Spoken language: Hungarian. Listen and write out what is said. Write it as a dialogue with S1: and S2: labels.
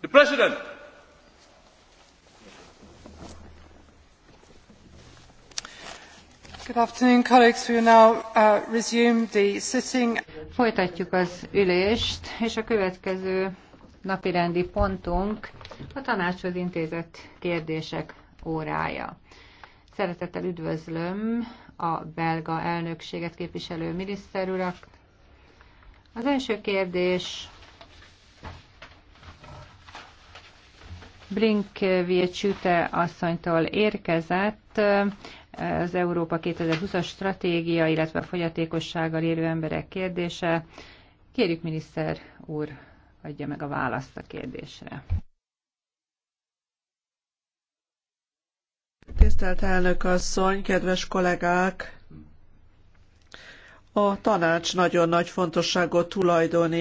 S1: The President.
S2: Good afternoon, colleagues. We now uh, resume the sitting. Folytatjuk az ülést, és a következő napirendi pontunk a tanácshoz intézett kérdések órája. Szeretettel üdvözlöm a belga elnökséget képviselő miniszter Az első kérdés Blinkviet Csüte asszonytól érkezett az Európa 2020-as stratégia, illetve a fogyatékossággal élő emberek kérdése. Kérjük, miniszter úr, adja meg a választ a kérdésre. Tisztelt elnök asszony, kedves kollégák! A tanács nagyon nagy fontosságot tulajdonít